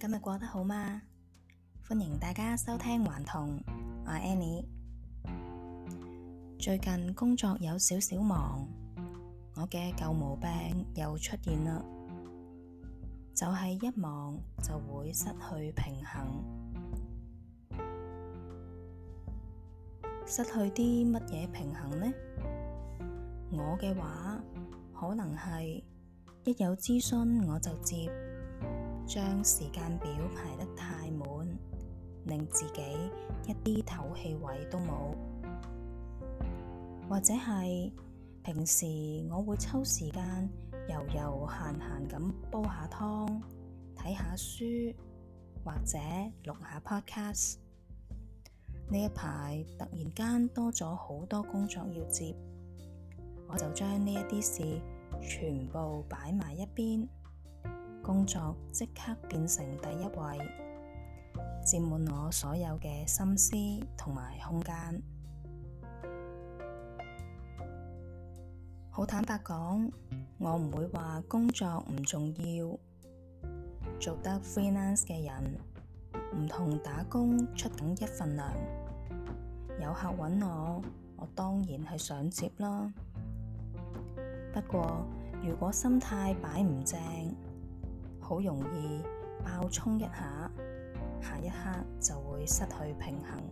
今日過得好嗎？歡迎大家收聽《還童》，我係 Annie。最近工作有少少忙，我嘅舊毛病又出現啦，就係一忙就會失去平衡，失去啲乜嘢平衡呢？我嘅話可能係一有咨詢我就接。將時間表排得太滿，令自己一啲唞氣位都冇。或者係平時我會抽時間悠悠閒閒咁煲下湯、睇下書或者錄下 podcast。呢一排突然間多咗好多工作要接，我就將呢一啲事全部擺埋一邊。工作即刻變成第一位，佔滿我所有嘅心思同埋空間。好坦白講，我唔會話工作唔重要。做得 freelance 嘅人唔同打工出緊一份糧，有客揾我，我當然係想接啦。不過如果心態擺唔正，好容易爆衝一下，下一刻就會失去平衡。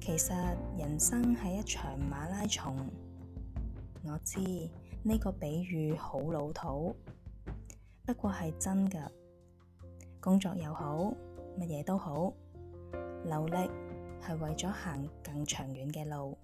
其實人生係一場馬拉松，我知呢個比喻好老土，不過係真㗎。工作又好，乜嘢都好，努力係為咗行更長遠嘅路。